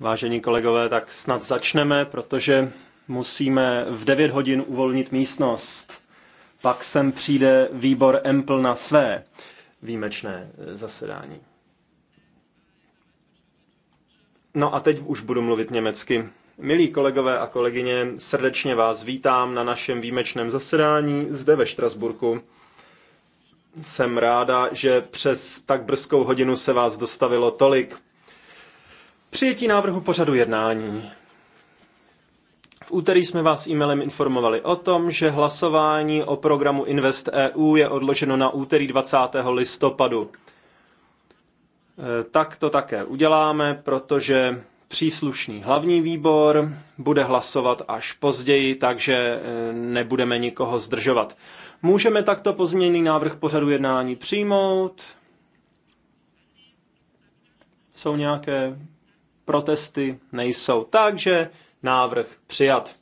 Vážení kolegové, tak snad začneme, protože musíme v 9 hodin uvolnit místnost. Pak sem přijde výbor Empl na své výjimečné eh, zasedání. No a teď už budu mluvit německy. Milí kolegové a kolegyně, srdečně vás vítám na našem výjimečném zasedání zde ve Štrasburku. Jsem ráda, že přes tak brzkou hodinu se vás dostavilo tolik. Přijetí návrhu pořadu jednání. V úterý jsme vás e-mailem informovali o tom, že hlasování o programu Invest EU je odloženo na úterý 20. listopadu. E, tak to také uděláme, protože příslušný hlavní výbor bude hlasovat až později, takže e, nebudeme nikoho zdržovat. Můžeme takto pozměněný návrh pořadu jednání přijmout? Jsou nějaké protesty? Nejsou. Takže návrh přijat.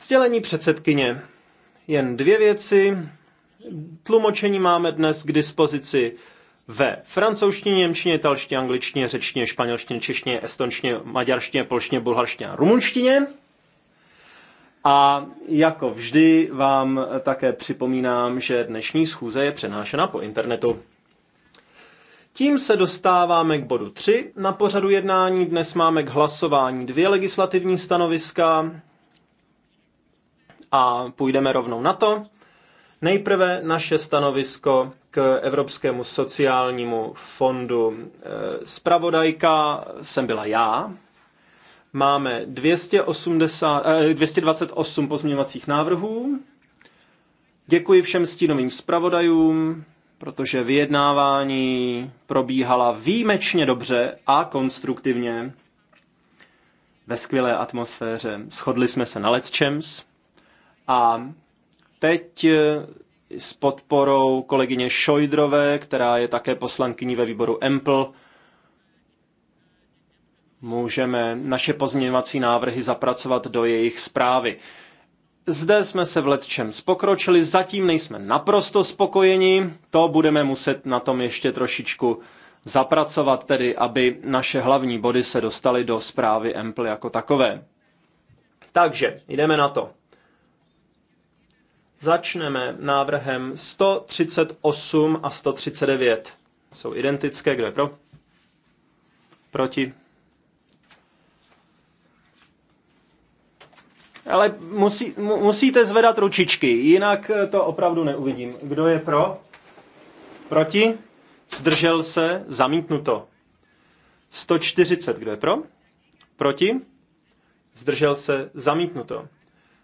Sdělení předsedkyně. Jen dvě věci. Tlumočení máme dnes k dispozici ve francouzštině, němčině, italštině, angličtině, řečtině, španělštině, češtině, estonštině, maďarštině, polštině, bulharštině a rumunštině. A jako vždy vám také připomínám, že dnešní schůze je přenášena po internetu. Tím se dostáváme k bodu 3. Na pořadu jednání dnes máme k hlasování dvě legislativní stanoviska a půjdeme rovnou na to. Nejprve naše stanovisko k Evropskému sociálnímu fondu. Spravodajka eh, jsem byla já, Máme 280, 228 eh, pozměňovacích návrhů. Děkuji všem stínovým zpravodajům, protože vyjednávání probíhala výjimečně dobře a konstruktivně ve skvělé atmosféře. Shodli jsme se na Let's a teď eh, s podporou kolegyně Šojdrové, která je také poslankyní ve výboru EMPL, můžeme naše pozměňovací návrhy zapracovat do jejich zprávy. Zde jsme se v letčem spokročili, zatím nejsme naprosto spokojeni, to budeme muset na tom ještě trošičku zapracovat, tedy aby naše hlavní body se dostaly do zprávy Empl jako takové. Takže, jdeme na to. Začneme návrhem 138 a 139. Jsou identické, kdo je pro? Proti? Ale musí, mu, musíte zvedat ručičky, jinak to opravdu neuvidím. Kdo je pro? Proti? Zdržel se? Zamítnuto. 140, kdo je pro? Proti? Zdržel se? Zamítnuto.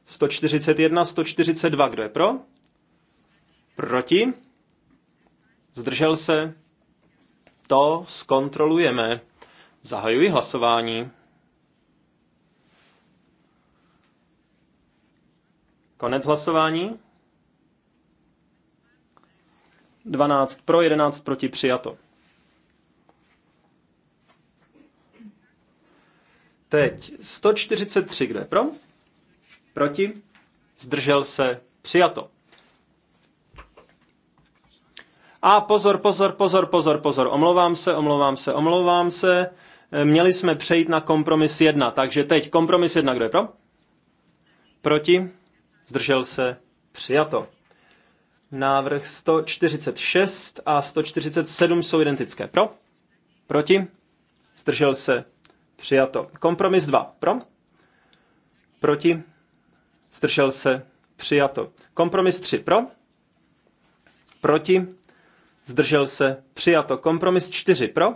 141, 142, kdo je pro? Proti? Zdržel se? To zkontrolujeme. Zahajuji hlasování. Konec hlasování. 12 pro, 11 proti přijato. Teď 143, kdo je pro? Proti? Zdržel se přijato. A pozor, pozor, pozor, pozor, pozor, omlouvám se, omlouvám se, omlouvám se. Měli jsme přejít na kompromis 1, takže teď kompromis 1, kdo je pro? Proti? zdržel se, přijato. Návrh 146 a 147 jsou identické. Pro? Proti? Zdržel se, přijato. Kompromis 2. Pro? Proti? Zdržel se, přijato. Kompromis 3. Pro? Proti? Zdržel se, přijato. Kompromis 4. Pro?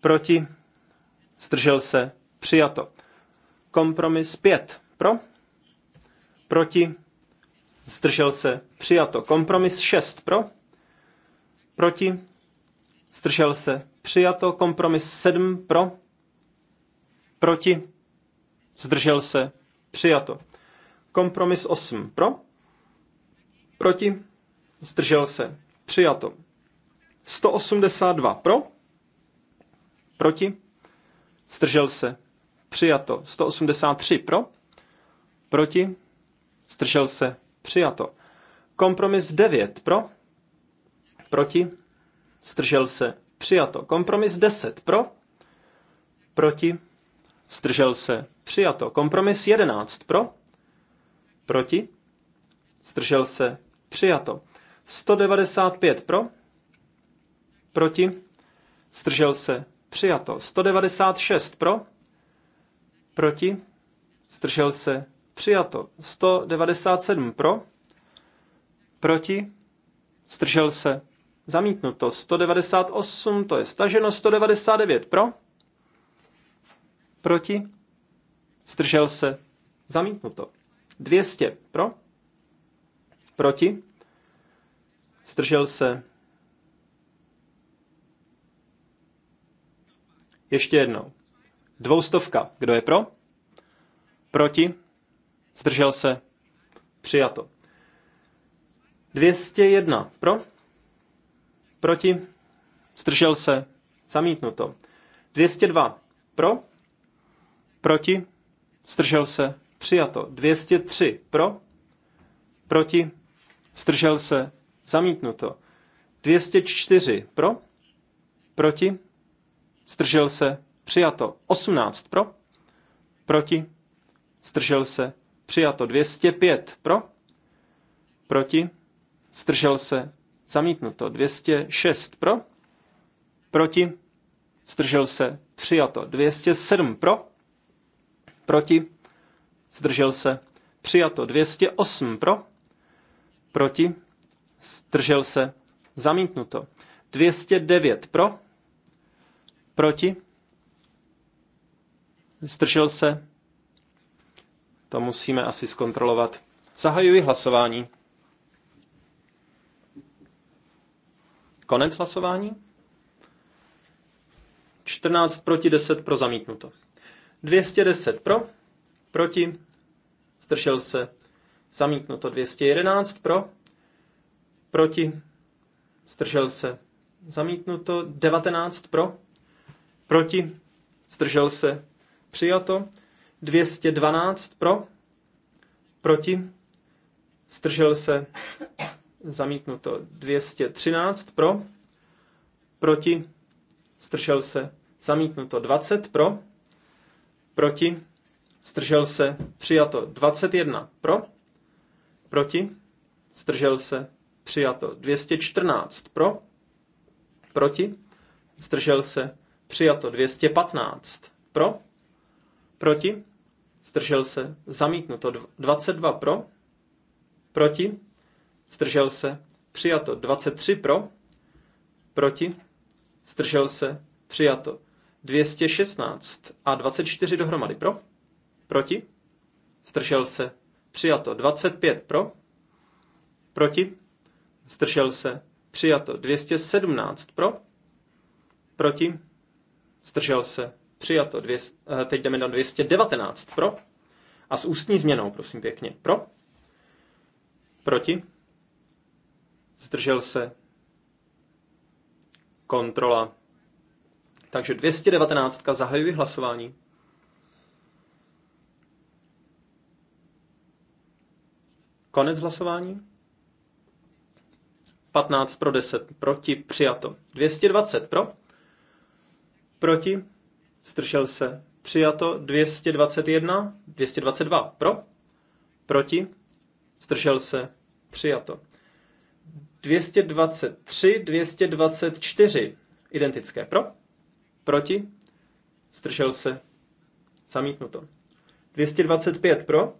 Proti? Zdržel se, přijato. Kompromis 5. Pro? proti, zdržel se, přijato. Kompromis 6 pro, proti, zdržel se, přijato. Kompromis 7 pro, proti, zdržel se, přijato. Kompromis 8 pro, proti, zdržel se, přijato. 182 pro, proti, zdržel se, přijato. 183 pro, proti, Zdržel se? Přijato. Kompromis 9 pro? Proti? Zdržel se? Přijato. Kompromis 10 pro? Proti? Zdržel se? Přijato. Kompromis 11 pro? Proti? Zdržel se? Přijato. 195 pro? Proti? Zdržel se? Přijato. 196 pro? Proti? Zdržel se? Přijato. 197 pro. Proti. stržel se. Zamítnuto. 198, to je staženo. 199 pro. Proti. stržel se. Zamítnuto. 200 pro. Proti. stržel se. Ještě jednou. Dvoustovka. Kdo je pro? Proti? Zdržel se? Přijato. 201 pro? Proti? Zdržel se? Zamítnuto. 202 pro? Proti? Zdržel se? Přijato. 203 pro? Proti? Zdržel se? Zamítnuto. 204 pro? Proti? Zdržel se? Přijato. 18 pro? Proti? Zdržel se? Přijato 205 pro, proti, zdržel se, zamítnuto 206 pro, proti, zdržel se, přijato 207 pro, proti, zdržel se, přijato 208 pro, proti, zdržel se, zamítnuto 209 pro, proti, zdržel se, to musíme asi zkontrolovat. Zahajuji hlasování. Konec hlasování. 14 proti 10 pro zamítnuto. 210 pro, proti, zdržel se, zamítnuto. 211 pro, proti, zdržel se, zamítnuto. 19 pro, proti, zdržel se, přijato. 212 pro, proti, zdržel se, zamítnuto. 213 pro, proti, zdržel se, zamítnuto. 20 pro, proti, zdržel se, přijato. 21 pro, proti, zdržel se, přijato. 214 pro, proti, zdržel se, přijato. 215 pro, Proti? Zdržel se. Zamítnuto. 22 pro. Proti? Zdržel se. Přijato. 23 pro. Proti? Zdržel se. Přijato. 216 a 24 dohromady pro. Proti? Zdržel se. Přijato. 25 pro. Proti? Zdržel se. Přijato. 217 pro. Proti? Zdržel se. Přijato. Dvě, eh, teď jdeme na 219. Pro. A s ústní změnou, prosím pěkně. Pro. Proti. Zdržel se. Kontrola. Takže 219. Zahajuji hlasování. Konec hlasování. 15 pro 10 proti přijato. 220 pro. Proti Zdržel se. Přijato 221, 222 pro, proti, zdržel se, přijato. 223, 224 identické pro, proti, zdržel se, zamítnuto. 225 pro,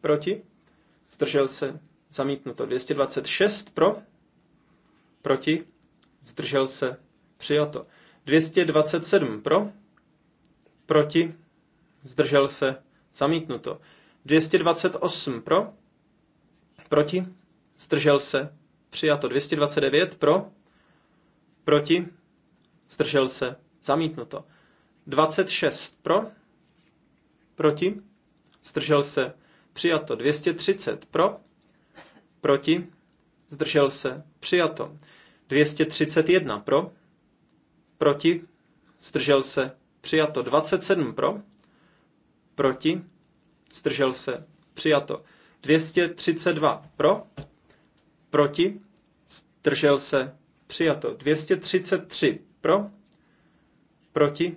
proti, zdržel se, zamítnuto. 226 pro, proti, zdržel se, přijato. 227 pro, proti, zdržel se, zamítnuto. 228 pro, proti, zdržel se, přijato. 229 pro, proti, zdržel se, zamítnuto. 26 pro, proti, zdržel se, přijato. 230 pro, proti, zdržel se, přijato. 231 pro, proti, zdržel se, přijato 27 pro, proti, zdržel se, přijato 232 pro, proti, zdržel se, přijato 233 pro, proti,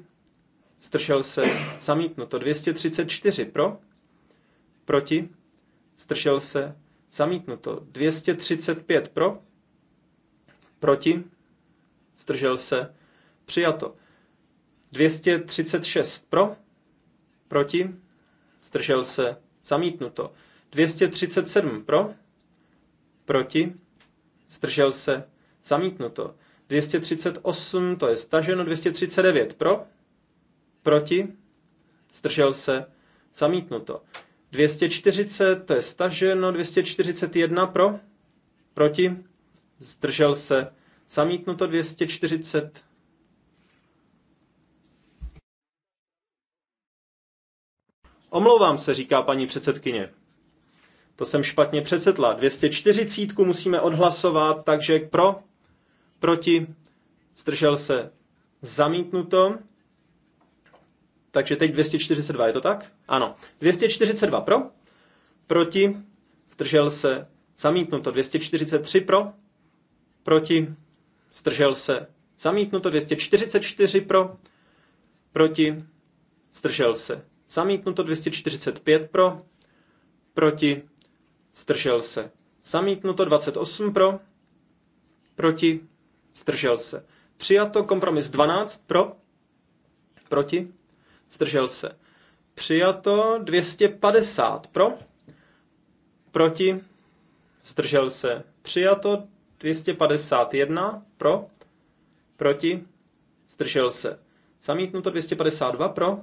zdržel se, zamítnuto 234 pro, proti, zdržel se, zamítnuto 235 pro, proti, zdržel se, Přijato. 236 pro, proti, zdržel se, zamítnuto. 237 pro, proti, zdržel se, zamítnuto. 238, to je staženo, 239 pro, proti, zdržel se, zamítnuto. 240, to je staženo, 241 pro, proti, zdržel se, zamítnuto 240, Omlouvám se, říká paní předsedkyně. To jsem špatně přecetla. 240 musíme odhlasovat, takže pro, proti, zdržel se zamítnuto. Takže teď 242, je to tak? Ano. 242 pro, proti, zdržel se zamítnuto. 243 pro, proti, zdržel se zamítnuto. 244 pro, proti, zdržel se Zamítnuto 245 pro, proti, stržel se. Zamítnuto 28 pro, proti, stržel se. Přijato kompromis 12 pro, proti, stržel se. Přijato 250 pro, proti, stržel se. Přijato 251 pro, proti, stržel se. Zamítnuto 252 pro,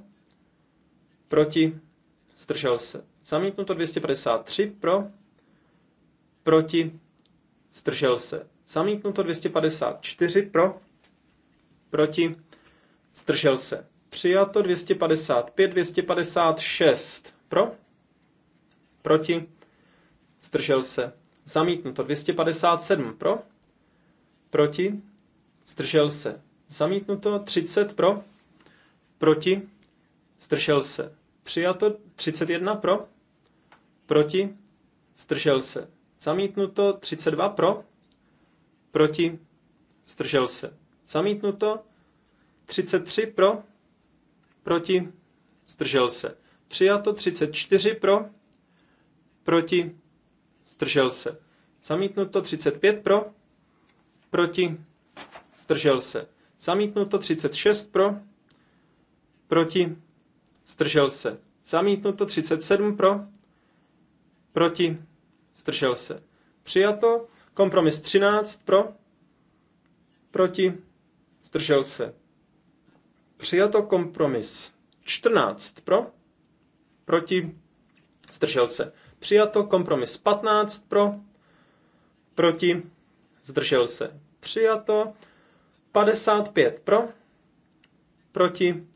proti, zdržel se. Zamítnuto 253 pro, proti, zdržel se. Zamítnuto 254 pro, proti, zdržel se. Přijato 255, 256 pro, proti, zdržel se. Zamítnuto 257 pro, proti, zdržel se. Zamítnuto 30 pro, proti, zdržel se. Přijato 31 pro, proti, zdržel se. Zamítnuto 32 pro, proti, zdržel se. Zamítnuto 33 pro, proti, zdržel se. Přijato 34 pro, proti, zdržel se. Zamítnuto 35 pro, proti, zdržel se. Zamítnuto 36 pro, proti, zdržel se. Zamítnuto 37 pro, proti, zdržel se. Přijato, kompromis 13 pro, proti, zdržel se. Přijato kompromis 14 pro, proti, zdržel se. Přijato kompromis 15 pro, proti, zdržel se. Přijato 55 pro, proti,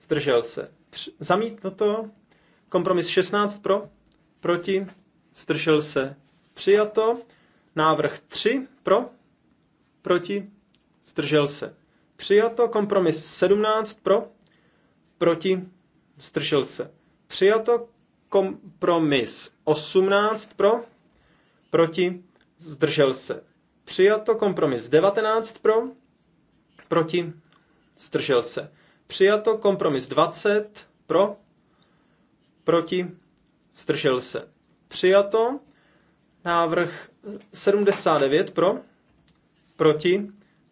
zdržel se. Zamítnuto. Kompromis 16 pro, proti, zdržel se, přijato. Návrh 3 pro, proti, zdržel se, přijato. Kompromis 17 pro, proti, zdržel se, přijato. Kompromis 18 pro, proti, zdržel se, přijato. Kompromis 19 pro, proti, zdržel se Přijato kompromis 20 pro, proti, zdržel se. Přijato návrh 79 pro, proti,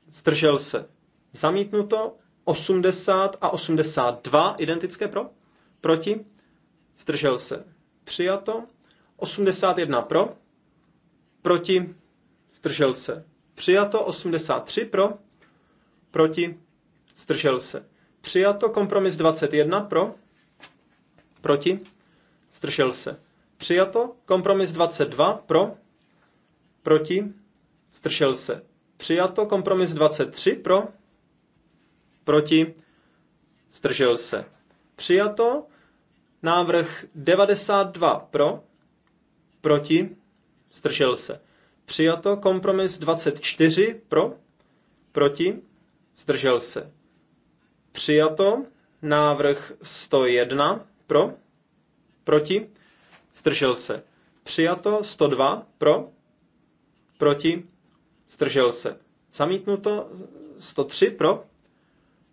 zdržel se. Zamítnuto 80 a 82 identické pro, proti, zdržel se. Přijato 81 pro, proti, zdržel se. Přijato 83 pro, proti, zdržel se. Přijato kompromis 21 pro, proti, zdržel se. Přijato kompromis 22 pro, proti, zdržel se. Přijato kompromis 23 pro, proti, zdržel se. Přijato návrh 92 pro, proti, zdržel se. Přijato kompromis 24 pro, proti, zdržel se. Přijato. Návrh 101 pro. Proti. Zdržel se. Přijato. 102 pro. Proti. Zdržel se. Zamítnuto. 103 pro.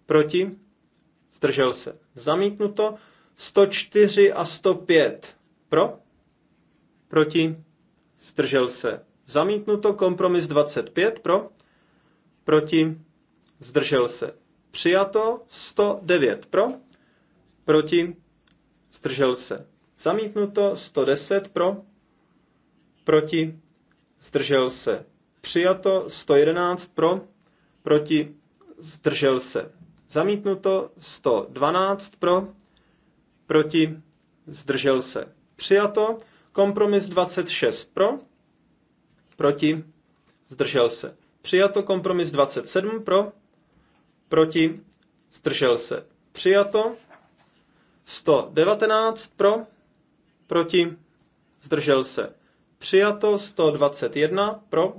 Proti. Zdržel se. Zamítnuto. 104 a 105 pro. Proti. Zdržel se. Zamítnuto. Kompromis 25 pro. Proti. Zdržel se. Přijato 109 pro, proti, zdržel se. Zamítnuto 110 pro, proti, zdržel se. Přijato 111 pro, proti, zdržel se. Zamítnuto 112 pro, proti, zdržel se. Přijato kompromis 26 pro, proti, zdržel se. Přijato kompromis 27 pro, proti, zdržel se, přijato. 119 pro, proti, zdržel se, přijato. 121 pro,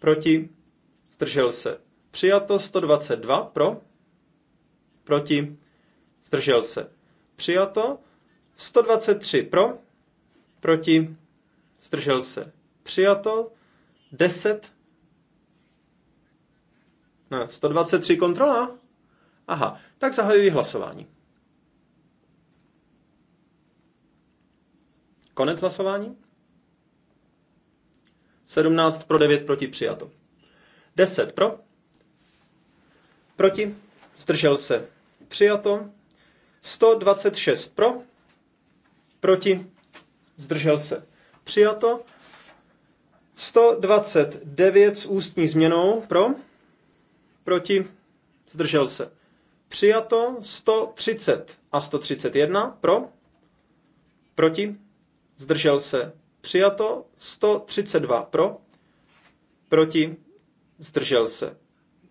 proti, zdržel se, přijato. 122 pro, proti, zdržel se, přijato. 123 pro, proti, zdržel se, přijato. 10 123 kontrola? Aha, tak zahajuji hlasování. Konec hlasování. 17 pro 9 proti přijato. 10 pro. Proti. Zdržel se. Přijato. 126 pro. Proti. Zdržel se. Přijato. 129 s ústní změnou pro proti, zdržel se. Přijato 130 a 131 pro, proti, zdržel se. Přijato 132 pro, proti, zdržel se.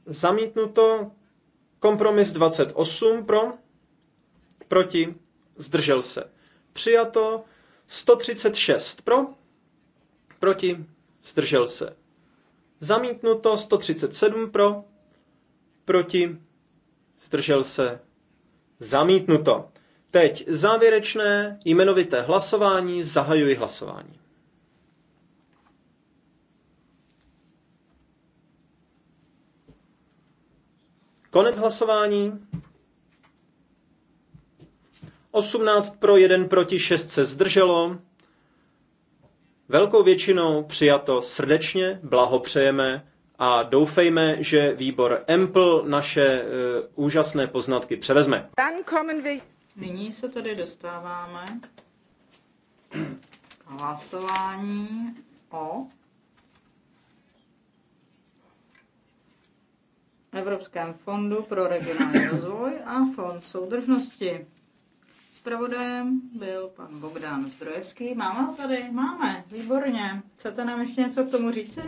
Zamítnuto kompromis 28 pro, proti, zdržel se. Přijato 136 pro, proti, zdržel se. Zamítnuto 137 pro, proti, zdržel se, zamítnuto. Teď závěrečné jmenovité hlasování, zahajuji hlasování. Konec hlasování. 18 pro, 1 proti, 6 se zdrželo. Velkou většinou přijato srdečně, blahopřejeme a doufejme, že výbor EMPL naše uh, úžasné poznatky převezme. Nyní se tady dostáváme k hlasování o Evropském fondu pro regionální rozvoj a fond soudržnosti. Spravodajem byl pan Bogdan Zdrojevský. Máme ho tady? Máme, výborně. Chcete nám ještě něco k tomu říci?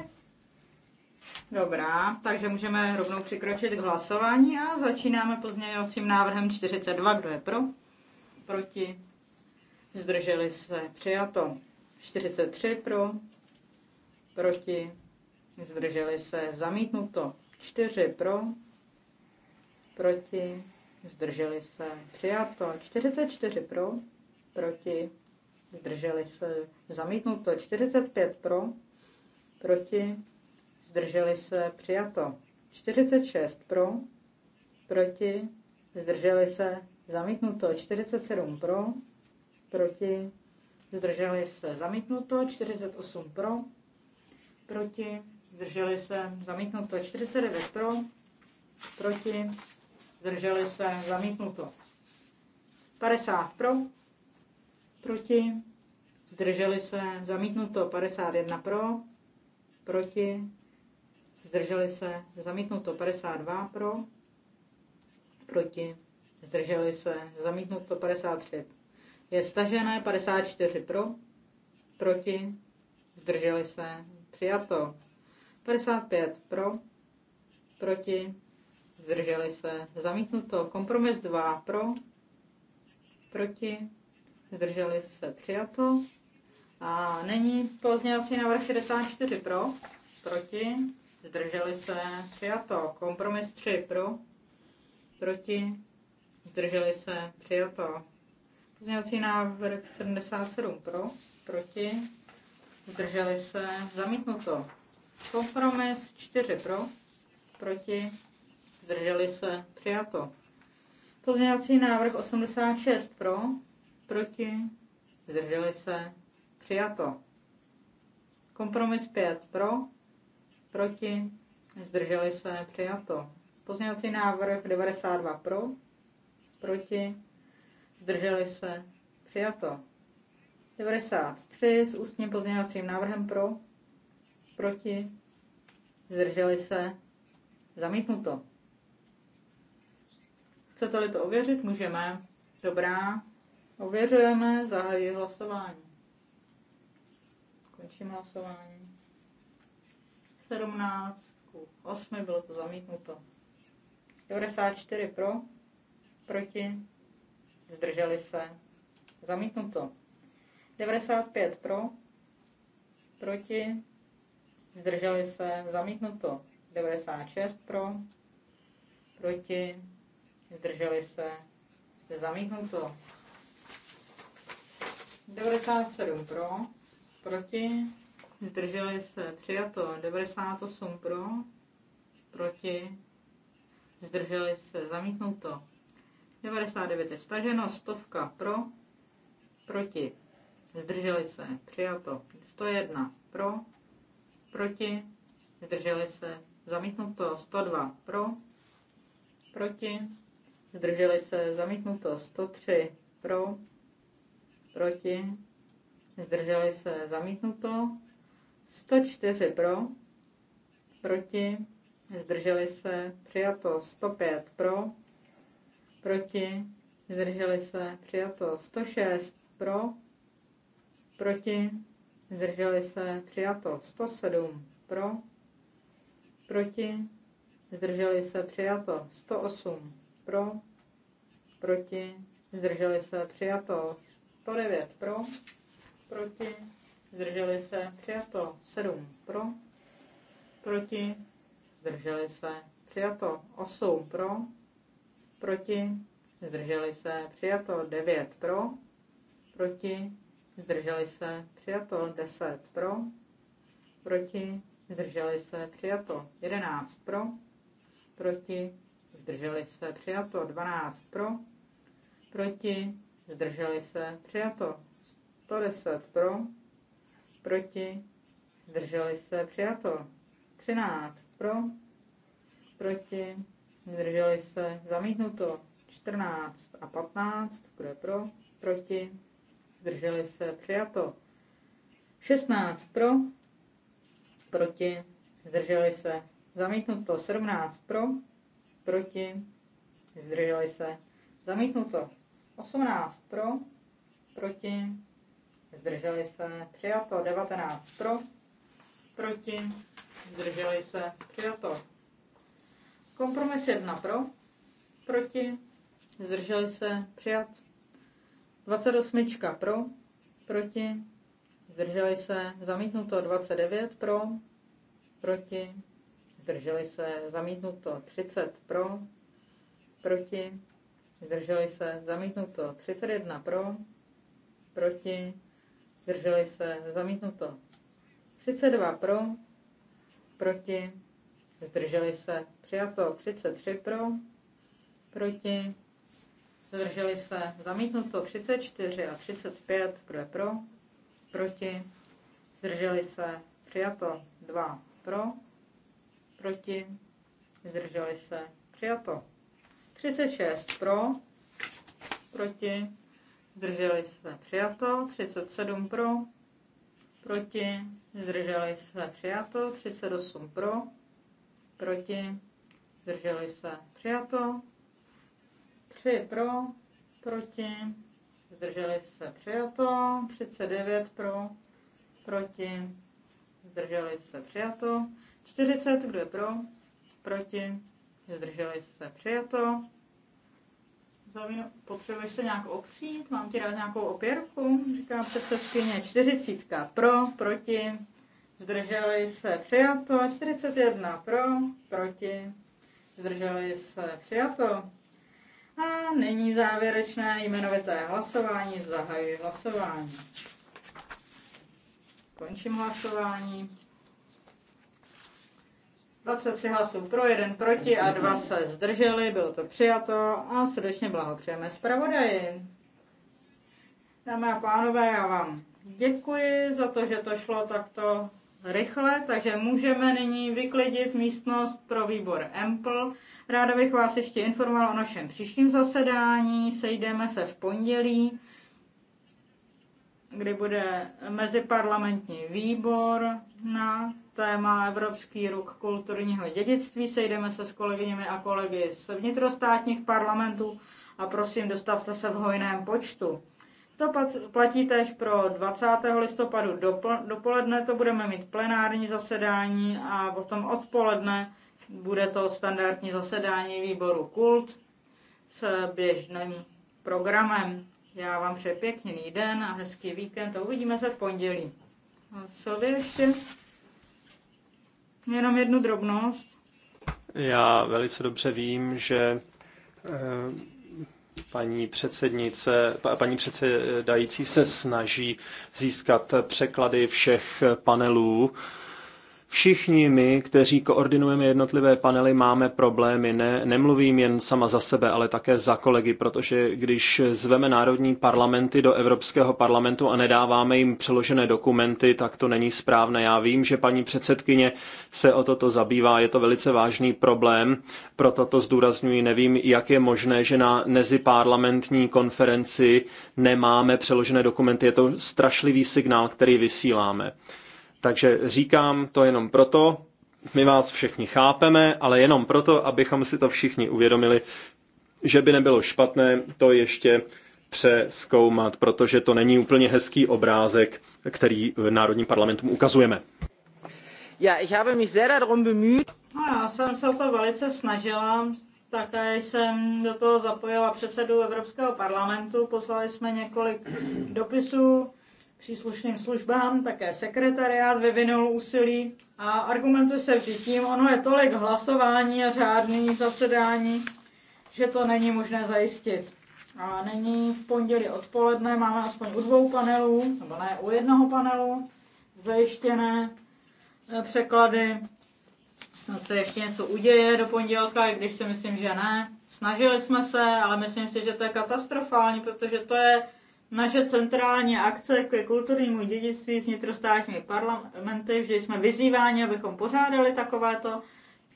Dobrá, takže můžeme rovnou přikročit k hlasování a začínáme pozměňovacím návrhem 42. Kdo je pro? Proti? Zdrželi se? Přijato. 43 pro? Proti? Zdrželi se? Zamítnuto. 4 pro? Proti? Zdrželi se? Přijato. 44 pro? Proti? Zdrželi se? Zamítnuto. 45 pro? Proti? zdrželi se, přijato. 46 pro, proti, zdrželi se, zamítnuto. 47 pro, proti, zdrželi se, zamítnuto. 48 pro, proti, zdrželi se, zamítnuto. 49 pro, proti, zdrželi se, zamítnuto. 50 pro, proti, zdrželi se, zamítnuto 51 pro, proti, zdrželi se, zamítnuto 52 pro, proti, zdrželi se, zamítnuto 53. Je stažené 54 pro, proti, zdrželi se, přijato. 55 pro, proti, zdrželi se, zamítnuto. Kompromis 2 pro, proti, zdrželi se, přijato. A není pozměňovací návrh 64 pro, proti, zdrželi se, přijato. Kompromis 3 pro, proti, zdrželi se, přijato. Pozměňovací návrh 77 pro, proti, zdrželi se, zamítnuto. Kompromis 4 pro, proti, zdrželi se, přijato. Pozměňovací návrh 86 pro, proti, zdrželi se, přijato. Kompromis 5 pro, proti, zdrželi se, přijato. Pozměňovací návrh 92 pro, proti, zdrželi se, přijato. 93 s ústním pozměňovacím návrhem pro, proti, zdrželi se, zamítnuto. Chcete-li to ověřit, můžeme. Dobrá, ověřujeme, zahajuji hlasování. Končím hlasování. 17 ku 8 bylo to zamítnuto. 94 pro, proti, zdrželi se, zamítnuto. 95 pro, proti, zdrželi se, zamítnuto. 96 pro, proti, zdrželi se, zamítnuto. 97 pro, proti, zdrželi se, přijato 98 pro, proti, zdrželi se, zamítnuto 99 je staženo, stovka pro, proti, zdrželi se, přijato 101 pro, proti, zdrželi se, zamítnuto 102 pro, proti, zdrželi se, zamítnuto 103 pro, proti, zdrželi se, zamítnuto 104 pro, proti, zdrželi se, přijato 105 pro, proti, zdrželi se, přijato 106 pro, proti, zdrželi se, přijato 107 pro, proti, zdrželi se, přijato 108 pro, proti, zdrželi se, přijato 109 pro, proti, zdrželi se, přijato. 7 pro, proti, zdrželi se, přijato. 8 pro, proti, zdrželi se, přijato. 9 pro, proti, zdrželi se, přijato. 10 pro, proti, zdrželi se, přijato. 11 pro, proti, zdrželi se, přijato. 12 pro, proti, zdrželi se, přijato. 110 pro, proti, zdrželi se, přijato. 13 pro, proti, zdrželi se, zamítnuto. 14 a 15, kdo je pro, proti, zdrželi se, přijato. 16 pro, proti, zdrželi se, zamítnuto. 17 pro, proti, zdrželi se, zamítnuto. 18 pro, proti, zdrželi se, přijato 19 pro, proti, zdrželi se, přijato. Kompromis 1 pro, proti, zdrželi se, přijat. 28 pro, proti, zdrželi se, zamítnuto 29 pro, proti, zdrželi se, zamítnuto 30 pro, proti, zdrželi se, zamítnuto 31 pro, proti, Drželi se. Zamítnuto. 32 pro. Proti. Zdrželi se. Přijato. 33 pro. Proti. Zdrželi se. Zamítnuto. 34 a 35. Kdo je pro? Proti. Zdrželi se. Přijato. 2 pro. Proti. Zdrželi se. Přijato. 36 pro. Proti zdrželi se přijato, 37 pro, proti, zdrželi se přijato, 38 pro, proti, zdrželi se přijato, 3 pro, proti, zdrželi se přijato, 39 pro, proti, zdrželi se přijato, 40, kdo je pro, proti, zdrželi se přijato, za potřebuješ se nějak opřít, mám ti dát nějakou opěrku, říká předsedkyně, čtyřicítka pro, proti, zdrželi se přijato, 41 pro, proti, zdrželi se přijato. A nyní závěrečné jmenovité hlasování, zahajuji hlasování. Končím hlasování. 23 hlasů pro, jeden proti a dva se zdrželi, bylo to přijato a srdečně blahopřejeme zpravodaji. Dámy a pánové, já vám děkuji za to, že to šlo takto rychle, takže můžeme nyní vyklidit místnost pro výbor EMPL. Ráda bych vás ještě informoval o našem příštím zasedání. Sejdeme se v pondělí kdy bude meziparlamentní výbor na téma Evropský rok kulturního dědictví. Sejdeme se s kolegyněmi a kolegy z vnitrostátních parlamentů a prosím, dostavte se v hojném počtu. To platí též pro 20. listopadu dopoledne, to budeme mít plenární zasedání a potom odpoledne bude to standardní zasedání výboru KULT s běžným programem. Já vám přeji pěkný den a hezký víkend a uvidíme se v pondělí. A co vy ještě? Jenom jednu drobnost. Já velice dobře vím, že eh, paní předsednice, paní předsedající se snaží získat překlady všech panelů Všichni my, kteří koordinujeme jednotlivé panely, máme problémy. Ne, nemluvím jen sama za sebe, ale také za kolegy, protože když zveme národní parlamenty do Evropského parlamentu a nedáváme jim přeložené dokumenty, tak to není správné. Já vím, že paní předsedkyně se o toto zabývá, je to velice vážný problém, proto to zdůrazňuji. Nevím, jak je možné, že na meziparlamentní konferenci nemáme přeložené dokumenty. Je to strašlivý signál, který vysíláme. Takže říkám to jenom proto, my vás všichni chápeme, ale jenom proto, abychom si to všichni uvědomili, že by nebylo špatné to ještě přeskoumat, protože to není úplně hezký obrázek, který v Národním parlamentu ukazujeme. Já, no, já jsem se o to velice snažila, také jsem do toho zapojila předsedu Evropského parlamentu, poslali jsme několik dopisů příslušným službám, také sekretariát vyvinul úsilí a argumentuje se vždy tím, ono je tolik hlasování a řádný zasedání, že to není možné zajistit. A není v pondělí odpoledne, máme aspoň u dvou panelů, nebo ne, u jednoho panelu zajištěné eh, překlady. Snad se ještě něco uděje do pondělka, i když si myslím, že ne. Snažili jsme se, ale myslím si, že to je katastrofální, protože to je naše centrální akce ke kulturnímu dědictví s vnitrostátními parlamenty, vždy jsme vyzýváni, abychom pořádali takovéto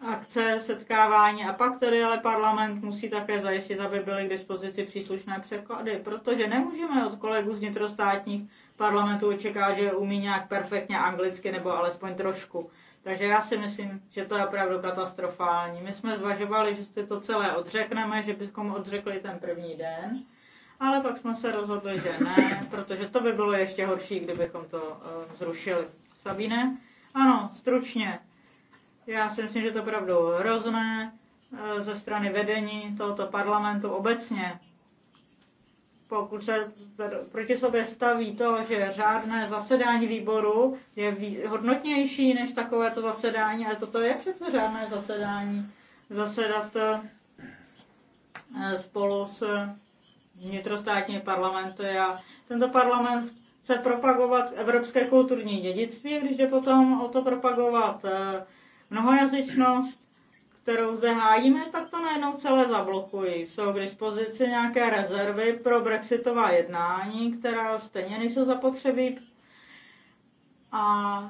akce, setkávání a pak tedy ale parlament musí také zajistit, aby byly k dispozici příslušné překlady, protože nemůžeme od kolegů z vnitrostátních parlamentů očekávat, že umí nějak perfektně anglicky nebo alespoň trošku. Takže já si myslím, že to je opravdu katastrofální. My jsme zvažovali, že si to celé odřekneme, že bychom odřekli ten první den, ale pak jsme se rozhodli, že ne, protože to by bylo ještě horší, kdybychom to eh, zrušili. Sabine? Ano, stručně. Já si myslím, že to opravdu hrozné eh, ze strany vedení tohoto parlamentu obecně. Pokud se proti sobě staví to, že řádné zasedání výboru je hodnotnější než takovéto zasedání, ale toto je přece řádné zasedání, zasedat eh, spolu s vnitrostátní parlamenty a tento parlament chce propagovat evropské kulturní dědictví, když je potom o to propagovat eh, mnohojazyčnost, kterou zde hájíme, tak to najednou celé zablokují. Jsou k dispozici nějaké rezervy pro brexitová jednání, která stejně nejsou zapotřebí. A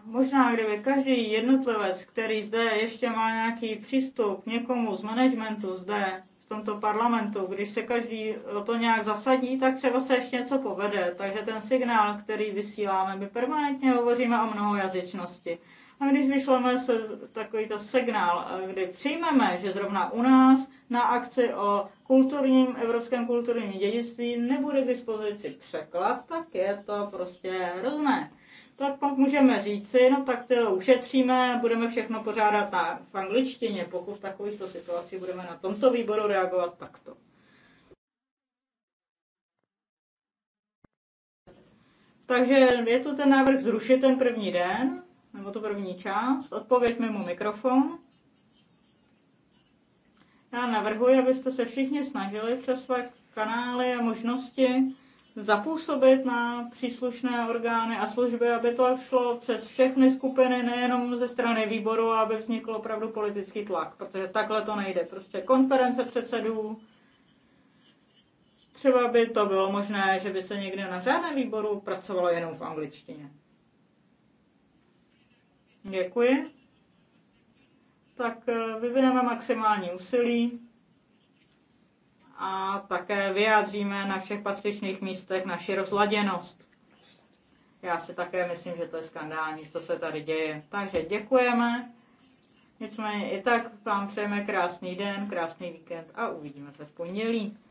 možná, kdyby každý jednotlivec, který zde ještě má nějaký přístup k někomu z managementu zde, tomto parlamentu. Když se každý o to nějak zasadí, tak třeba se ještě něco povede. Takže ten signál, který vysíláme, my permanentně hovoříme o jazyčnosti. A když vyšleme se takovýto signál, kdy přijmeme, že zrovna u nás na akci o kulturním, evropském kulturním dědictví nebude k dispozici překlad, tak je to prostě hrozné tak pak můžeme říci, no tak to ušetříme, budeme všechno pořádat na, v angličtině, pokud v takovýchto situaci budeme na tomto výboru reagovat takto. Takže je to ten návrh zrušit ten první den, nebo tu první část, odpověď mimo mikrofon. Já navrhuji, abyste se všichni snažili přes své kanály a možnosti zapůsobit na příslušné orgány a služby, aby to šlo přes všechny skupiny, nejenom ze strany výboru, aby vznikl opravdu politický tlak, protože takhle to nejde. Prostě konference předsedů, třeba by to bylo možné, že by se někde na řádném výboru pracovalo jenom v angličtině. Děkuji. Tak eh, vyvineme maximální úsilí a také vyjádříme na všech patřičných místech naši rozladěnost. Já si také myslím, že to je skandální, co se tady děje. Takže děkujeme. Nicméně i tak vám přejeme krásný den, krásný víkend a uvidíme se v pondělí.